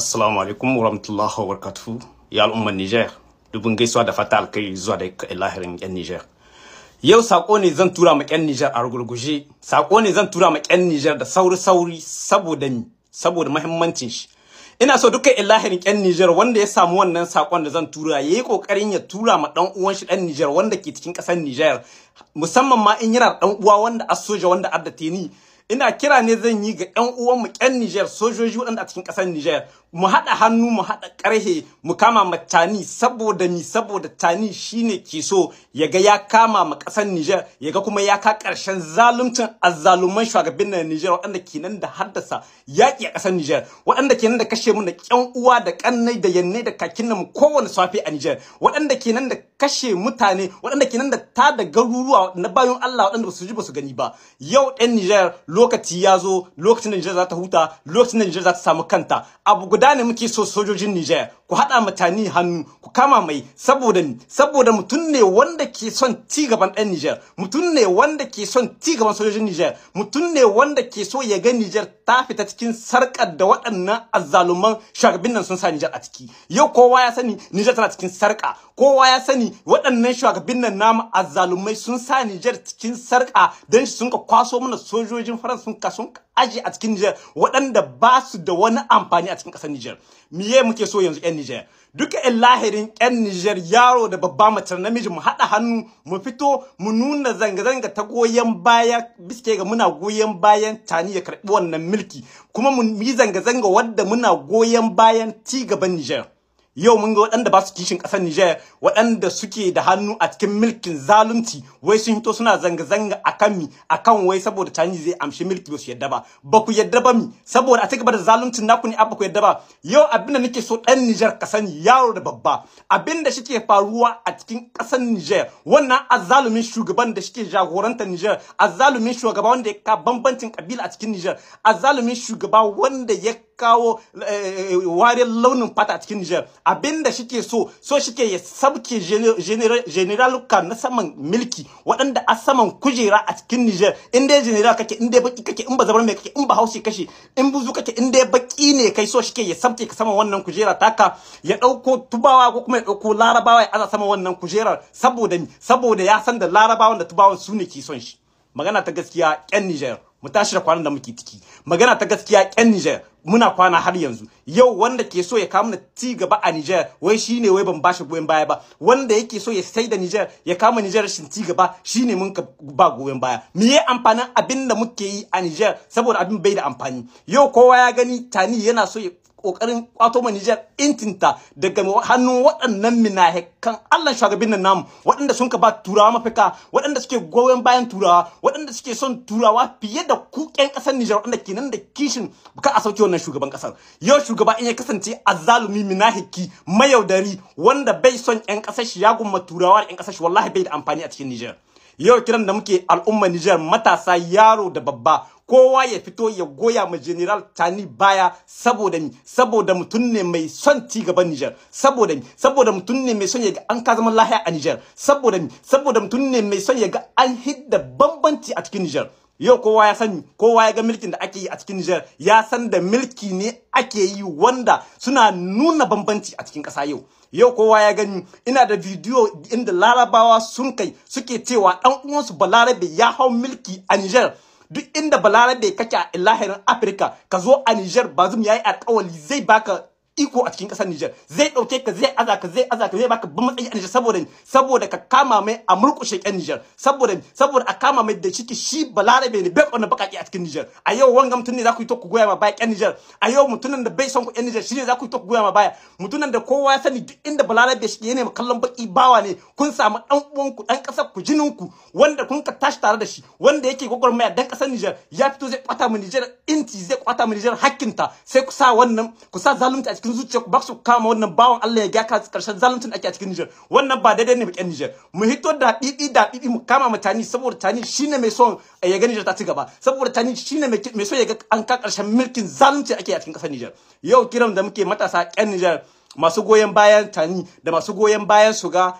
Assalamu alaikum wa rahmatullahi wa barakatuhu ya al'ummar Niger dubin gaisuwa da fata alkai zuwa da lahirin yan Niger yau sako ne zan tura ma yan Niger a rugurguje sako ne zan tura ma yan Niger da sauri sauri saboda ni saboda muhimmancin shi ina so dukkan ilahirin yan Niger wanda ya samu wannan sakon da zan tura yayi kokarin ya tura ma dan uwan shi dan Niger wanda ke cikin kasar Niger musamman ma in yana dan uwa wanda asoja wanda ni ina kira ne zan yi ga ƴan uwanmu ƴan Niger sojoji waɗanda a cikin ƙasar Niger mu haɗa hannu mu haɗa ƙarhe mu kama ma tani saboda mi saboda tani shine ke so yaga ya kama ma ƙasar Niger yaga kuma ya ka ƙarshen zaluncin azzaluman na Niger waɗanda kenan da haddasa yaƙi a ƙasar Niger waɗanda kenan da kashe mu da ƴan uwa da ƙannai da yannai da kakin mu kowane safe a Niger waɗanda kenan da kashe mutane waɗanda kenan da ta da garuruwa na bayan Allah waɗanda ba su ji ba su gani ba yau ɗan Niger lokaci ya zo lokacin da Nijar za ta huta lokacin da Nijar za ta samu kanta abu guda ne muke so sojojin Nijar ku haɗa mutane hannu ku kama mai saboda saboda mutum ne wanda ke son ci gaban ɗan Niger mutum ne wanda ke son ci gaban sojojin Niger mutum ne wanda ke so ya ga Niger ta fita cikin sarkar da waɗannan azzaluman shugabannin nan sun sa Niger a ciki yau kowa ya sani Niger tana cikin sarka kowa ya sani waɗannan shugabannin nan namu azzalumai sun sa Niger cikin sarka dan sun ka kwaso mana sojojin Faransa sun ka sun aji a cikin Nijar waɗanda ba su da wani amfani a cikin ƙasar Nijar miye muke so yanzu ƴan Nijar duka ƴan lahirin ƴan Nijar yaro da babba mace namiji mu haɗa hannu mu fito mu nuna zanga-zanga ta goyon baya biske ga muna goyon bayan tani ya karɓi wannan mulki kuma mu yi zanga-zanga wadda muna goyon bayan ci gaban Nijar yau mun ga waɗanda ba su kishin ƙasar Nijar waɗanda suke da hannu a cikin milkin zalunci wai sun hito suna zanga-zanga a kan mi a kan wai saboda canji zai amshi milki ba su yadda ba ba ku yadda ba mi saboda a ci gaba da zaluncin naku ne ba ku yadda ba yau abinda nake so ɗan nijar ka sani yaro da babba abinda da shike faruwa a cikin ƙasar nijar wannan azzalumin shugaban da shike jagorantar nijar azzalumin shugaba wanda ya ka bambancin kabila a cikin Nijar azzalumin shugaba wanda ya kawo eh, eh, ware launin fata cikin Niger abinda shike so so shike ya sabke general generaluka na saman milki waɗanda a saman kujera a cikin Niger in dai general kake in dai baki kake in ba zabar mai kake in ba haushi kashi in buzu kake in dai baki ne kai so shike ya sabke ka saman wannan kujera taka ya dauko tubawa ko kuma ya dauko larabawa ya aza saman wannan kujerar saboda saboda ya san da larabawan da tubawan su ne ke son shi magana ta gaskiya 'yan Niger mu tashi da kwanan da muke tiki magana ta gaskiya ƙyan Niger muna kwana har yanzu yau wanda ke so ya kawo mana ci gaba a Niger wai shine wai ban bashi goyon baya ba wanda yake so ya sai da Niger ya kama Niger shin ci gaba shine mun ka ba goyon baya me ye amfanin abin da muke yi a Niger saboda abin bai da amfani yau kowa ya gani tani yana so ya kokarin kwato ma Niger intinta daga hannun waɗannan minahekan Allah shagabin nan namu waɗanda sun ka ba turawa mafika waɗanda suke goyon bayan turawa waɗanda suke son turawa fiye da kuken ƙasar Niger waɗanda ke nan da kishin buka a sauke wannan shugaban ƙasar yau shugaba in ya kasance azzalumi minahiki mayaudari wanda bai son ƴan ƙasar shi ya gumma turawa da ƴan ƙasar shi wallahi bai da amfani a cikin Niger yau kiran da muke al'umma Niger matasa yaro da babba kowa ya fito ya goya ma General Tani baya saboda ni saboda mutum ne mai son ci gaban Niger saboda ni saboda mutum ne mai son ya ga an ka zaman lahiya a Niger saboda ni saboda mutum ne mai son ya ga an hidda bambanci a cikin Niger yau kowa ya sani kowa ya ga milkin da ake yi a cikin Niger ya san da milki ne ake yi wanda suna nuna bambanci a cikin ƙasa yau yau kowa ya gani ina da bidiyo inda larabawa sun kai suke cewa dan uwansu balarabe ya hau milki a Niger duk inda balarabe kake a lahirin Afirka ka zo a Niger bazum yayi alƙawali zai baka iko a cikin kasar Niger zai dauke ka zai aza ka zai aza ka zai baka babban matsayi a Niger saboda saboda ka kama mai a murkushe kan Niger saboda saboda a kama mai da shike shi balarabe ne bai kwana bakaki a cikin Niger a yau wanga mutun ne za ku yi to ku goya ma baya kan Niger a yau mutunan da bai son ku kan Niger shine za ku yi to ku goya ma baya mutunan da kowa ya sani duk inda balarabe shi yana kallon baki bawa ne kun samu dan uwanku dan kasar ku jinin ku wanda kun ka tashi tare da shi wanda yake gwagwarmaya dan kasar Niger ya fito zai kwata mu Niger inci zai kwata mu Niger hakkinta sai ku sa wannan ku sa zalunci a cikin cikin zuciya ku ba su kama wannan bawan Allah ya ga ka karshen zaluncin ake a cikin Niger wannan ba daidai ne bakin Niger mu hito da bibi da bibi mu kama mutane saboda tani shine mai son ya ga Niger ta ci gaba saboda tani shine mai son ya ga an ka karshen mulkin zalunci ake a cikin kasar Niger yau kiran da muke matasa ƴan Niger masu goyon bayan tani da masu goyon bayan su ga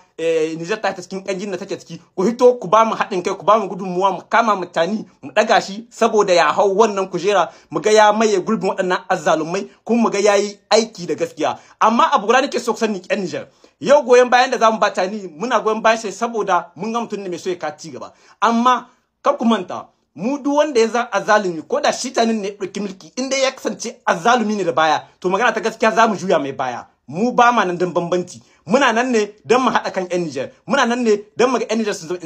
Nijar ta ta cikin kanjin da take ciki ku hito ku ba mu haɗin kai ku ba mu gudunmuwa mu kama mu tani mu ɗaga shi saboda ya hau wannan kujera mu ga ya maye gurbin waɗannan azzalumai kuma mu ga ya yi aiki da gaskiya amma abu guda nake so sani yan Nijar yau goyon bayan da zamu ba tani muna goyon bayan sai saboda mun ga mutum ne mai so ya kaci gaba amma kar ku manta mu duk wanda ya zan azzalumi ko da shi tanin ne ɗauki mulki inda ya kasance azzalumi ne da baya to magana ta gaskiya zamu juya mai baya mu ba ma nan don bambanci muna nan ne don mu haɗa kan yan Nijar muna nan ne don mu ga yan Niger sun zama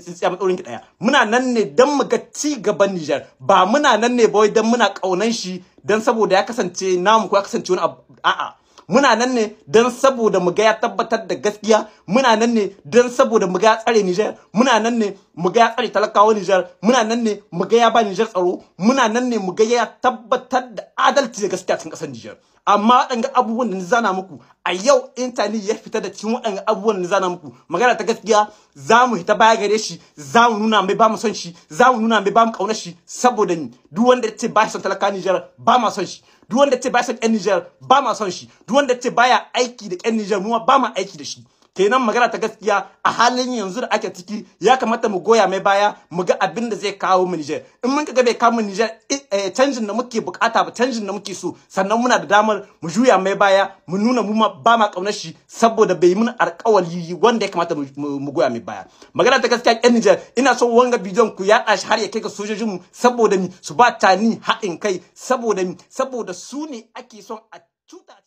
tsintsiya ki ɗaya muna nan ne don mu ga ci gaban Nijar ba muna nan ne ba wai don muna ƙaunan shi don saboda ya kasance namu ko ya kasance wani abu a'a muna nan ne don saboda mu ga ya tabbatar da gaskiya muna nan ne don saboda mu ga ya tsare Niger muna nan ne mu ga ya tsare talakawa Niger muna nan ne mu ga ya ba Niger tsaro muna nan ne mu ga ya tabbatar da adalci da gaskiya cikin kasar Niger amma waɗanga abubuwan da ni zana muku a yau intanet ya fita da cikin waɗanga abubuwan da ni zana muku magana ta gaskiya za mu hita baya gare shi za mu nuna mai ba mu son shi za mu nuna mai ba mu ƙaunar shi saboda ni duk wanda ya ce ba shi son talaka Niger ba ma son shi duk wanda ce ba shi ƙan Niger ba ma son shi duk wanda ce baya aiki da Niger mu ba ma aiki da shi kenan magana ta gaskiya a halin yanzu da ake ciki ya kamata mu goya mai baya mu ga abin da zai kawo mu Niger in mun kaga bai kawo mu Niger eh, canjin da muke bukata ba canjin da muke so sannan muna da damar mu juya mai baya mu nuna mu ba ma kaunar shi saboda bai mun alƙawari wanda ya kamata mu goya mai baya magana ta gaskiya yan Niger ina so wanga bidiyon ku yaɗa shi har ya kai ga sojojin mu saboda ni su ba tani haɗin kai saboda ni saboda su ne ake son a cuta